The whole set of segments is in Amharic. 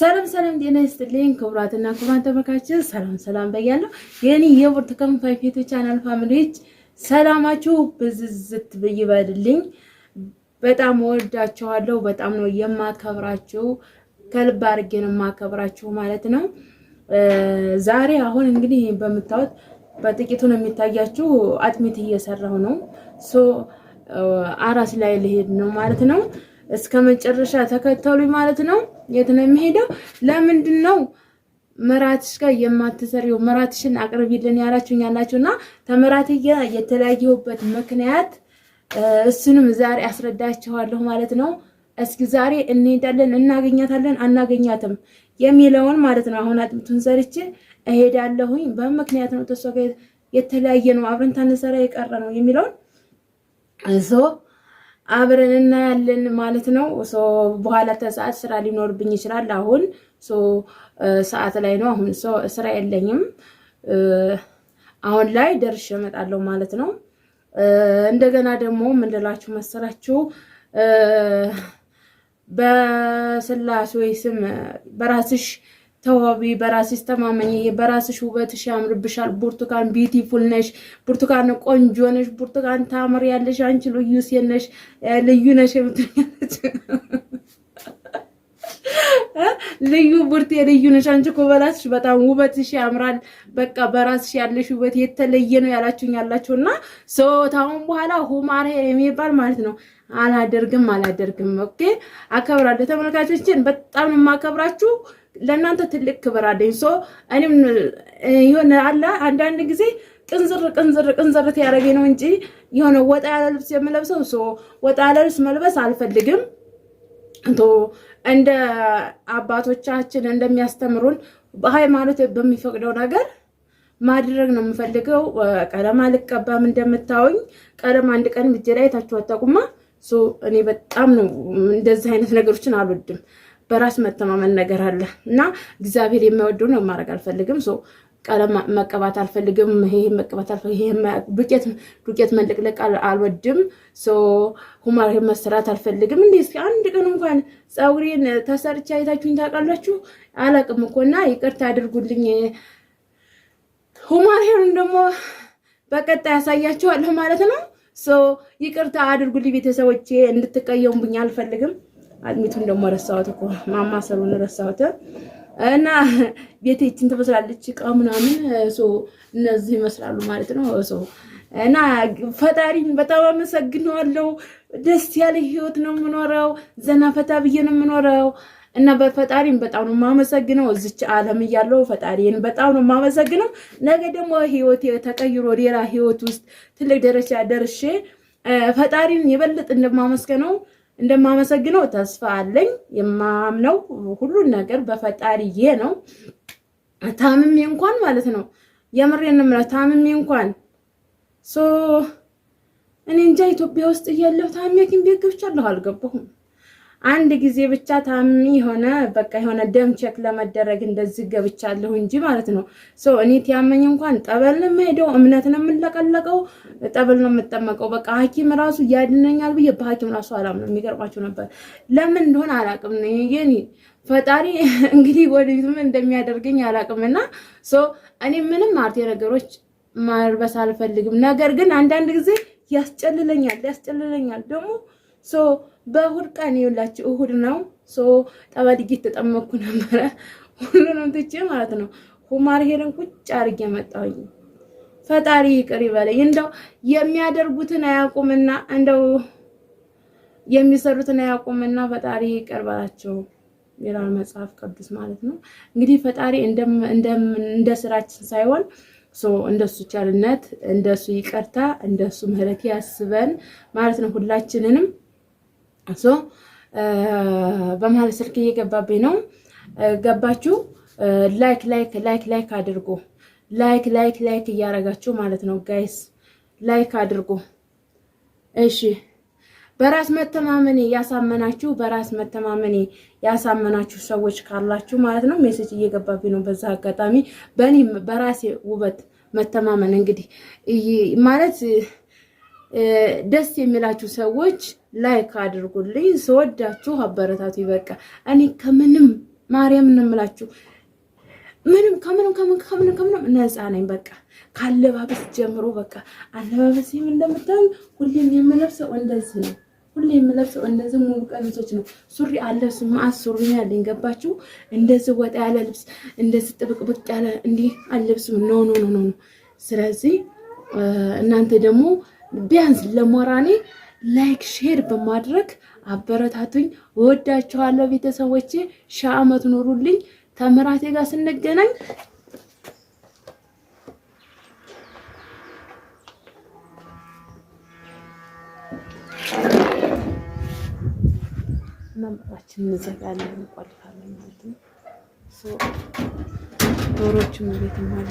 ሰላም ሰላም፣ ጤና ይስጥልኝ ክቡራትና ክቡራን ተመልካቾች፣ ሰላም ሰላም በያለሁ የኔ የብርቱካን ፋይፌቶ ቻናል ፋሚሊዎች፣ ሰላማችሁ ብዝዝት ይበልልኝ። በጣም ወዳችኋለሁ። በጣም ነው የማከብራችሁ። ከልብ አድርጌ ነው የማከብራችሁ ማለት ነው። ዛሬ አሁን እንግዲህ በምታዩት በጥቂቱ ነው የሚታያችሁ። አጥሚት እየሰራሁ ነው። ሶ አራስ ላይ ልሄድ ነው ማለት ነው። እስከ መጨረሻ ተከተሉኝ ማለት ነው። የት ነው የሚሄደው? ለምንድን ነው መራትሽ ጋር የማትሰሪው? መራትሽን አቅርቢልን ያላችሁኝ ያላችሁና ተመራትያ የተለያየሁበት ምክንያት እሱንም ዛሬ አስረዳችኋለሁ ማለት ነው። እስኪ ዛሬ እንሄዳለን፣ እናገኛታለን፣ አናገኛትም የሚለውን ማለት ነው። አሁን አጥምቱን ሰርቼ እሄዳለሁኝ። በምክንያት ነው ተሷ የተለያየ ነው አብረን ታነሰራ የቀረ ነው የሚለውን እዞ አብረን እናያለን ማለት ነው። በኋላ ተሰዓት ስራ ሊኖርብኝ ይችላል። አሁን ሰዓት ላይ ነው። አሁን ስራ የለኝም። አሁን ላይ ደርሼ እመጣለሁ ማለት ነው። እንደገና ደግሞ ምን ልላችሁ መሰላችሁ በስላሴ ስም በራስሽ ተዋቢ፣ በራስሽ ተማመኝ፣ በራስሽ ውበትሽ ያምርብሻል። ብርቱካን ቢዩቲፉል ነሽ፣ ብርቱካን ቆንጆ ነሽ፣ ብርቱካን ታምር ያለሽ አንቺ ልዩ ሴት ነሽ፣ ልዩ ነሽ የምትለኛለች ልዩ ብርቴ ልዩ ነሽ አንቺ እኮ በራስሽ በጣም ውበትሽ ያምራል። በቃ በራስሽ ያለሽ ውበት የተለየ ነው ያላችሁኝ ያላችሁ እና ሰውታውን በኋላ ሁማር የሚባል ማለት ነው አላደርግም አላደርግም። ኦኬ አከብራለሁ ተመልካቾችን፣ በጣም የማከብራችሁ። ለእናንተ ትልቅ ክብር አለኝ። ሶ እኔም የሆነ አለ አንዳንድ ጊዜ ቅንዝር ቅንዝር ቅንዝር ያደረገ ነው እንጂ የሆነ ወጣ ያለ ልብስ የምለብሰው ሶ ወጣ ያለ ልብስ መልበስ አልፈልግም። እንቶ እንደ አባቶቻችን እንደሚያስተምሩን በሃይማኖት በሚፈቅደው ነገር ማድረግ ነው የምፈልገው። ቀለም አልቀባም። እንደምታወኝ ቀለም አንድ ቀን እጄ ላይ ታችሁ አታውቁማ። እኔ በጣም ነው እንደዚህ አይነት ነገሮችን አልወድም። በራስ መተማመን ነገር አለ እና እግዚአብሔር የማይወደው ነው ማድረግ አልፈልግም ቀለም መቀባት አልፈልግም። ይሄ መቀባት አልፈልግም። ዱቄት ዱቄት አልወድም። ሁማር መሰራት አልፈልግም። እንዲ እስኪ አንድ ቀን እንኳን ፀጉሬን ተሰርቼ አይታችሁኝ ታውቃላችሁ? አላቅም እኮ እና ይቅርታ አድርጉልኝ። ሁማር ሄሩን ደግሞ በቀጣይ ያሳያችኋለሁ ማለት ነው። ይቅርታ አድርጉልኝ ቤተሰቦቼ፣ እንድትቀየሙብኝ አልፈልግም። አጥሚቱን ደግሞ ረሳሁት እኮ ማማሰሉን ረሳሁት። እና ቤቴችን ትመስላለች እቃ ምናምን እነዚህ ይመስላሉ ማለት ነው። እና ፈጣሪን በጣም አመሰግነዋለሁ። ደስ ያለ ህይወት ነው የምኖረው። ዘና ፈታ ብዬ ነው የምኖረው እና በፈጣሪን በጣም ነው የማመሰግነው። እዚች ዓለም እያለው ፈጣሪን በጣም ነው የማመሰግነው። ነገ ደግሞ ህይወት ተቀይሮ ሌላ ህይወት ውስጥ ትልቅ ደረጃ ደርሼ ፈጣሪን የበለጥ እንደማመስገነው እንደማመሰግነው ተስፋ አለኝ። የማምነው ሁሉን ነገር በፈጣሪዬ ነው። ታምሜ እንኳን ማለት ነው የምሬን እምነት ታምሜ እንኳን እኔ እንጃ ኢትዮጵያ ውስጥ እያለሁ ታሜ ግን ቤት ገብቻለሁ አልገባሁም። አንድ ጊዜ ብቻ ታሚ የሆነ በቃ የሆነ ደም ቼክ ለመደረግ እንደዚህ ገብቻለሁ እንጂ ማለት ነው። ሶ እኔ ቲያመኝ እንኳን ጠበል ነው የምሄደው፣ እምነት ነው የምንለቀለቀው፣ ጠበል ነው የምጠመቀው። በቃ ሐኪም ራሱ ያድነኛል ብዬ በሐኪም ራሱ አላም ነው የሚገርማቸው ነበር ለምን እንደሆነ አላቅም። የኔ ፈጣሪ እንግዲህ ወደፊት ምን እንደሚያደርገኝ አላቅምና ሶ እኔ ምንም አርቴ ነገሮች ማልበስ አልፈልግም። ነገር ግን አንዳንድ ጊዜ ያስጨልለኛል ያስጨልለኛል ደግሞ ሶ በእሁድ ቀን ይኸውላችሁ እሁድ ነው። ሶ ጠበልጌ ተጠመኩ ነበረ ሁሉንም ትቼ ማለት ነው። ሁማር ሄደን ቁጭ አድርጌ መጣሁኝ። ፈጣሪ ይቅር ይበለኝ። እንደው የሚያደርጉትን አያውቁምና እንደው የሚሰሩትን አያውቁምና ፈጣሪ ይቅር በላቸው ይላል መጽሐፍ ቅዱስ ማለት ነው። እንግዲህ ፈጣሪ እንደ ስራችን ሳይሆን እንደሱ ቻልነት፣ እንደሱ ይቅርታ፣ እንደሱ ምሕረት ያስበን ማለት ነው ሁላችንንም በመሀል ስልክ እየገባብኝ ነው። ገባችሁ? ላይክ ላይክ ላይክ ላይክ አድርጎ ላይክ ላይክ ላይክ እያደረጋችሁ ማለት ነው ጋይስ፣ ላይክ አድርጎ እሺ። በራስ መተማመኔ ያሳመናችሁ በራስ መተማመኔ ያሳመናችሁ ሰዎች ካላችሁ ማለት ነው ሜሴጅ እየገባብኝ ነው። በዛ አጋጣሚ በእኔ በራሴ ውበት መተማመን እንግዲህ ማለት ደስ የሚላችሁ ሰዎች ላይክ አድርጉልኝ። ስወዳችሁ አበረታቱ። ይበቃ እኔ ከምንም ማርያም እንምላችሁ ምንም ከምንም ከምን ከምንም ከምንም ነፃ ነኝ። በቃ ካለባበስ ጀምሮ በቃ አለባበስ ይህም እንደምታዩ ሁሌም የምለብሰው እንደዚህ ነው። ሁሌ የምለብሰው እንደዚህ ሙሉ ቀሚሶች ነው። ሱሪ አለ ማአት ሱሪ ያለኝ ገባችሁ። እንደዚህ ወጣ ያለ ልብስ እንደዚህ ጥብቅብቅ ያለ እንዲህ አለብስም። ኖ ኖ ኖ ኖ። ስለዚህ እናንተ ደግሞ ቢያንስ ለሞራኔ ላይክ ሼር በማድረግ አበረታቱኝ። እወዳችኋለሁ ቤተሰቦቼ፣ ሺህ ዓመት ኑሩልኝ። ተምራቴ ጋር ስንገናኝ መምጣችን እንዘጋለን፣ እንቆልፋለን ማለት ነው። ዶሮዎችም ቤት አሉ።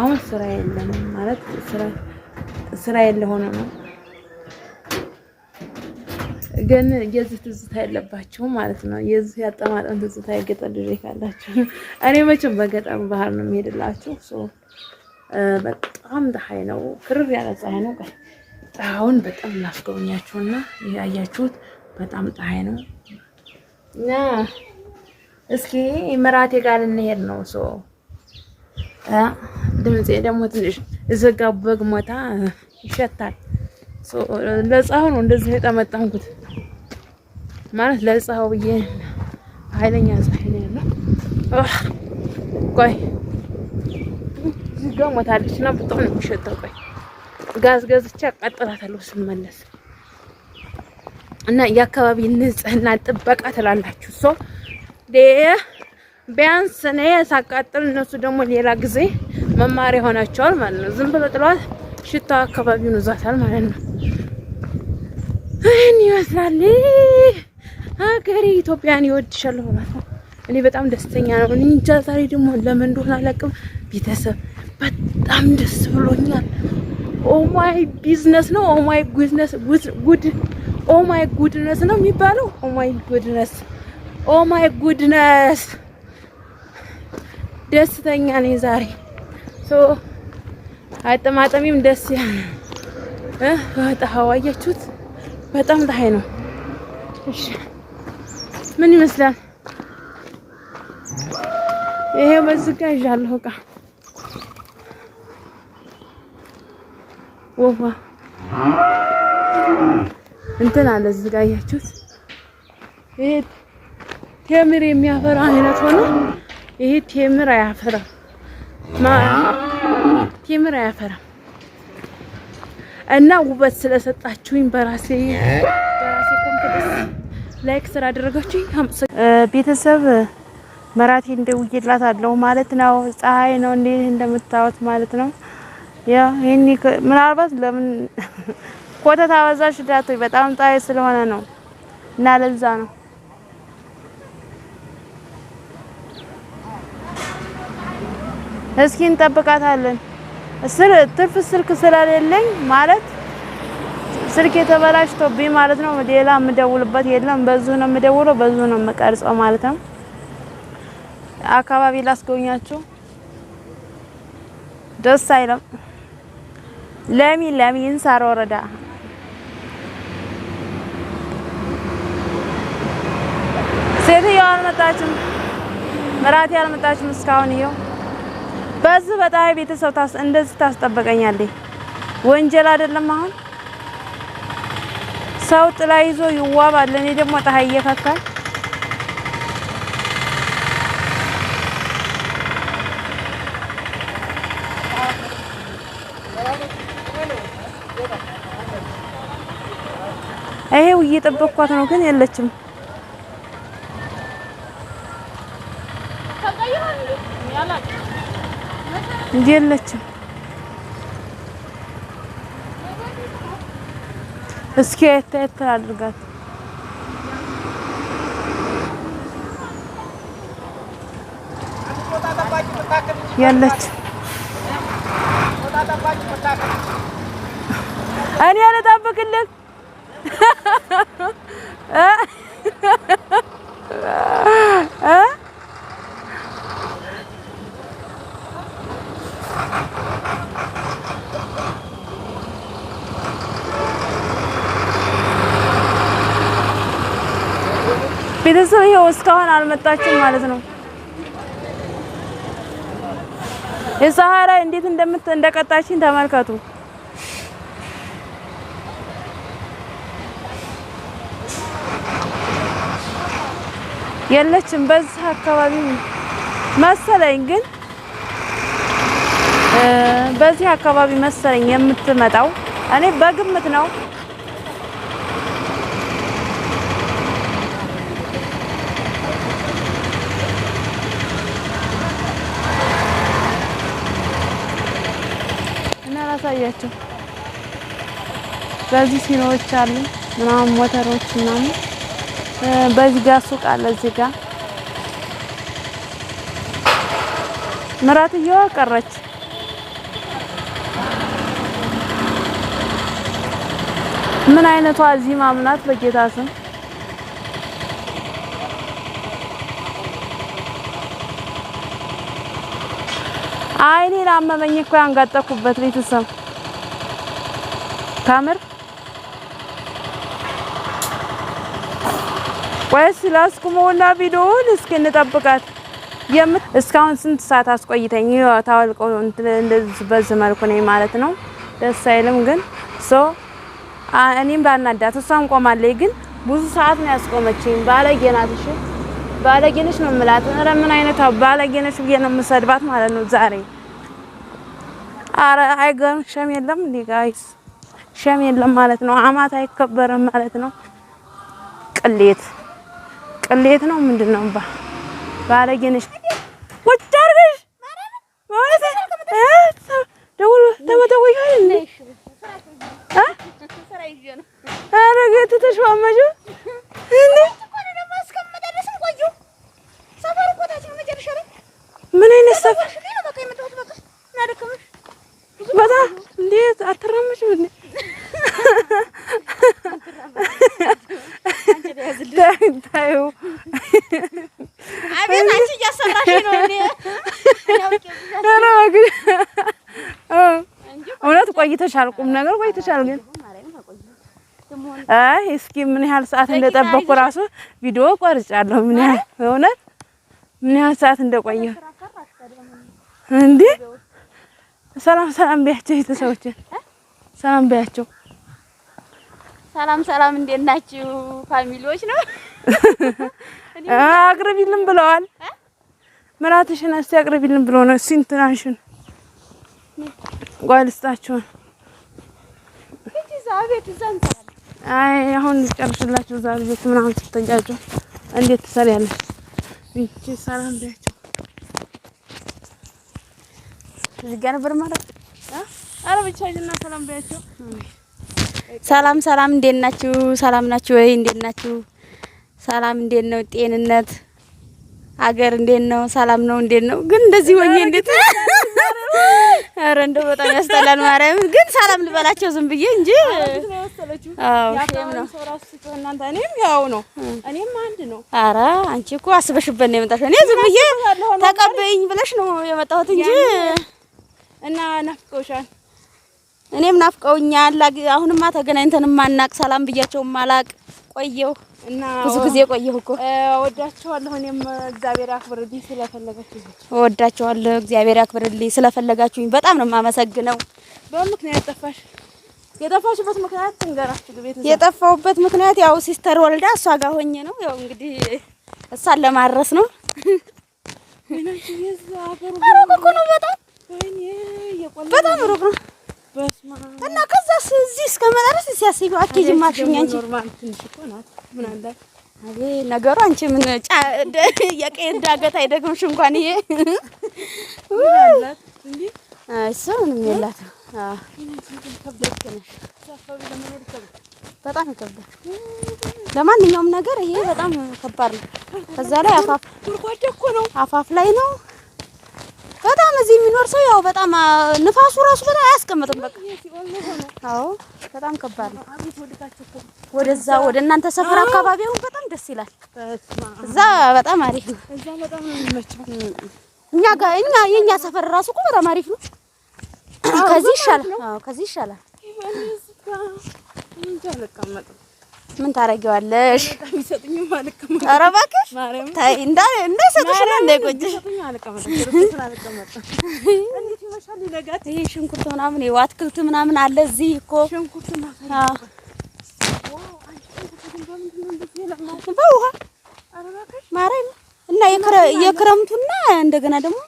አሁን ስራ የለም ማለት ስራ ስራ ያለ ሆኖ ነው። ግን የዚህ ትዝታ ያለባችሁ ማለት ነው። የዚህ ያጠማጠም ትዝታ የገጠር ልጅ ካላችሁ እኔ መቼም በገጠር ባህር ነው የሚሄድላችሁ። በጣም ፀሐይ ነው፣ ክርር ያለ ፀሐይ ነው። ፀሐዩን በጣም ላስጎብኛችሁና ያያችሁት በጣም ፀሐይ ነው እና እስኪ ምራቴ ጋር ልንሄድ ነው። ድምፄ ደግሞ ትንሽ እዘጋ በግ ሞታ ይሸታል። ለፀሐው ነው እንደዚህ የጠመጠምኩት ማለት ለፀሐው ብዬ ኃይለኛ ፀሐይ ነው ያለው። ቆይ እዚጋ ሞታለች እና በጣም ነው የሚሸተው። ቆይ ጋዝ ገዝቼ አቃጥላታለሁ ስመለስ እና የአካባቢ ንጽህና ጥበቃ ትላላችሁ ሰው ቢያንስ እኔ ሳቃጥል እነሱ ደግሞ ሌላ ጊዜ መማሪያ ሆናቸዋል ማለት ነው። ዝም ብለ ጥሏት ሽታ አካባቢውን ይዟታል ማለት ነው። ይህን ይመስላል። ሀገሬ ኢትዮጵያን ይወድሻለሁ ማለት ነው። እኔ በጣም ደስተኛ ነው። እኔ እንጃ ዛሬ ደግሞ ለምን እንደሆነ አላውቅም። ቤተሰብ በጣም ደስ ብሎኛል። ኦማይ ቢዝነስ ነው ኦማይ ጉድነስ ጉድ ኦማይ ጉድነስ ነው የሚባለው። ኦማይ ጉድነስ ኦማይ ጉድነስ ደስተኛ ነኝ ዛሬ። አጠማጠሚም ደስ ያለ ወጣው። አያችሁት? በጣም ፀሐይ ነው። ምን ይመስላል? ይሄ በዚህ ጋር ይዣለሁ ዕቃ ወፋ እንትን አለ እዚህ ጋር አያችሁት? ይሄ ቴምር የሚያፈራ አይነት ሆኖ ይሄ ቴምር አያፈራም። ቴምር አያፈራም። እና ውበት ስለሰጣችሁኝ በራሴ ላይክ ስላደረጋችሁኝ ቤተሰብ መራቴ እንደውዬላት አለው ማለት ነው። ፀሐይ ነው እንዴ እንደምታዩት ማለት ነው። ያው ምናልባት ለምን ኮተት አበዛሽ ዳቶች በጣም ፀሐይ ስለሆነ ነው እና ለዛ ነው እስኪ እንጠብቃታለን። ትርፍ ስልክ ስለሌለኝ ማለት ስልክ የተበላሽቶብኝ ማለት ነው። ሌላ የምደውልበት የለም። በዙ ነው የምደውለው፣ በዙ ነው የምቀርጸው ማለት ነው። አካባቢ ላስጎብኛችሁ። ደስ አይለም። ለሚ ለሚ እንሳር ወረዳ ሴትዮዋ አልመጣችም። ምራቴ አልመጣችም እስካሁን ይኸው በዚህ በጣይ ቤተሰብ እንደዚህ ታስጠበቀኛለች። ወንጀል አይደለም። አሁን ሰው ጥላ ይዞ ይዋባል። እኔ ደግሞ ፀሐይ እየፈካል ይሄው እየጠበቅኳት ነው ግን የለችም። የለችም። እስኪ የት አድርጋት የለችም እኔ ልጠብቅልህ እ ቤተሰብ ይኸው እስካሁን አልመጣችም ማለት ነው። የሰሃራ እንዴት እንደምት እንደቀጣችን ተመልከቱ። የለችም በዚህ አካባቢ መሰለኝ፣ ግን በዚህ አካባቢ መሰለኝ የምትመጣው እኔ በግምት ነው። ላሳያቸው። በዚህ ሲኖዎች አሉ ምናምን ሞተሮች ምናምን። በዚህ ጋር ሱቅ አለ። እዚህ ጋር ምራትየዋ ቀረች። ምን አይነቷ እዚህ ማምናት በጌታ ስም እኔ ላመመኝ እኮ ያንጋጠኩበት ቤተሰብ ከምር ወይስ ላስኩመውና ቪዲዮውን እስኪ እንጠብቃት። እስካሁን ስንት ሰዓት አስቆይተኝ ታወልቆ እንደዚህ በዚህ መልኩ ነኝ ማለት ነው። ደስ አይልም ግን ሶ እኔም ላናዳት እሷም ቆማለች። ግን ብዙ ሰዓት ነው ያስቆመችኝ። ባለጌ ናት። እሺ ባለጌ ነሽ ነው የምላት። ኧረ ምን አይነት ባለጌ ነሽ ብዬ ነው የምሰድባት ማለት ነው ዛሬ አረ አይገርም! ሸም የለም እንዴ ጋይስ፣ ሸም የለም ማለት ነው። አማት አይከበርም ማለት ነው። ቅሌት ቅሌት ነው ምንድን ነው? ባለጌ ነሽ ወጣ እውነት ቆይተሻል፣ ቁም ነገር ቆይተሻል። ግን አይ እስኪ ምን ያህል ሰዓት እንደጠበኩ ራሱ ቪዲዮ ቆርጫለሁ። ምን ያህል እውነት ምን ያህል ሰዓት እንደቆየሁ እንዴ! ሰላም ሰላም በያቸው ቤተሰቦች፣ ሰላም ቢያቸው ሰላም ሰላም፣ እንዴት ናችሁ ፋሚሊዎች? ነው አቅርቢልን ብለዋል። ምራትሽን እስቲ አቅርቢልን ብሎ ነው። እስቲ እንትናሽን ጓልስጣችሁን አይ አሁን ጨርሽላችሁ እዛ ቤት ምናምን ስትጫጩ እንዴት ትሰሪያለሽ? ይቺ ሰላም ቢያቸው እዚህ ነበር ማለት ኧረ ብቻ እና ሰላም ቢያቸው። ሰላም ሰላም፣ እንዴት ናችሁ? ሰላም ናችሁ ወይ? እንዴት ናችሁ? ሰላም እንዴት ነው ጤንነት አገር እንዴት ነው? ሰላም ነው? እንዴት ነው? ግን እንደዚህ ሆኜ እንዴት አረ እንደው በጣም ያስጠላል። ማርያም ግን ሰላም ልበላቸው ዝም ብዬ እንጂ ያው ነው። እኔም አንድ ነው። አረ አንቺ እኮ አስበሽበት ነው የመጣሽው። እኔ ዝም ብዬ ተቀበይኝ ብለሽ ነው የመጣሁት እንጂ እና ናፍቆሻል እኔም ናፍቀውኛል። አሁንማ ተገናኝተን ማናቅ ሰላም ብያቸው ማላቅ ቆየው እና ብዙ ጊዜ ቆየው እኮ ወዳቸዋለሁ። እኔም እግዚአብሔር አክብርልኝ ስለፈለጋችሁ ወዳቸዋለሁ። እግዚአብሔር አክብርልኝ ስለፈለጋችሁኝ በጣም ነው የማመሰግነው። በምክንያት ጠፋሽ። የጠፋሽበት ምክንያት ትንገራችሁ ቤተሰብ። የጠፋሁበት ምክንያት ያው ሲስተር ወልዳ እሷ ጋር ሆኜ ነው። ያው እንግዲህ እሷን ለማድረስ ነው። ሩቅ እኮ ነው፣ በጣም በጣም ሩቅ ነው። እና ከዛ እዚህ እስከመጣ ድረስ ሲያስዩ አትሄጂም አንቺ ነገሩ አንቺ ምን የቀየን ዳገት አይደግምሽ እንኳን ይሄ እሱ ምንም የላትም። በጣም ይከብዳል። ለማንኛውም ነገር ይሄ በጣም ከባድ ነው። ከዛ ላይ አፋፍ አፋፍ ላይ ነው በጣም እዚህ የሚኖር ሰው ያው በጣም ንፋሱ ራሱ በጣም አያስቀምጥም። በቃ አዎ፣ በጣም ከባድ ነው። ወደዛ ወደ እናንተ ሰፈር አካባቢ አሁን በጣም ደስ ይላል። እዛ በጣም አሪፍ ነው። እዛ በጣም ነው እኛ ጋር እኛ የኛ ሰፈር ራሱ እኮ በጣም አሪፍ ነው። ከዚህ ይሻላል። አዎ፣ ከዚህ ይሻላል። ምን ታረጊዋለሽ? ኧረ እባክሽ ተይ፣ እንዳይሰጥሽ ነው እንዳይቆጭሽ። ይሄ ሽንኩርት ምናምን ይኸው አትክልት ምናምን አለ እዚህ እኮ በውሃ ማርያም እና የክረምቱና እንደገና ደግሞ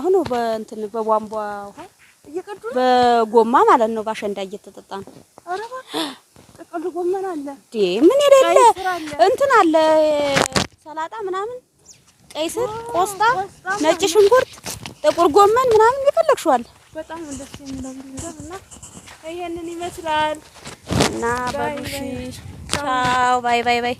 አሁን በእንትን በቧንቧ በጎማ ማለት ነው፣ እየተጠጣ ነው። ጥቅል ጎመን አለ፣ ምን የሌለ እንትን አለ፣ ሰላጣ ምናምን፣ ቀይ ስር፣ ቆስጣ፣ ነጭ ሽንኩርት፣ ጥቁር ጎመን ምናምን የፈለግሽው አለ። በጣም ደስ የሚለው እና ይሄንን ይመስላል እና ባይ ባይ ባይ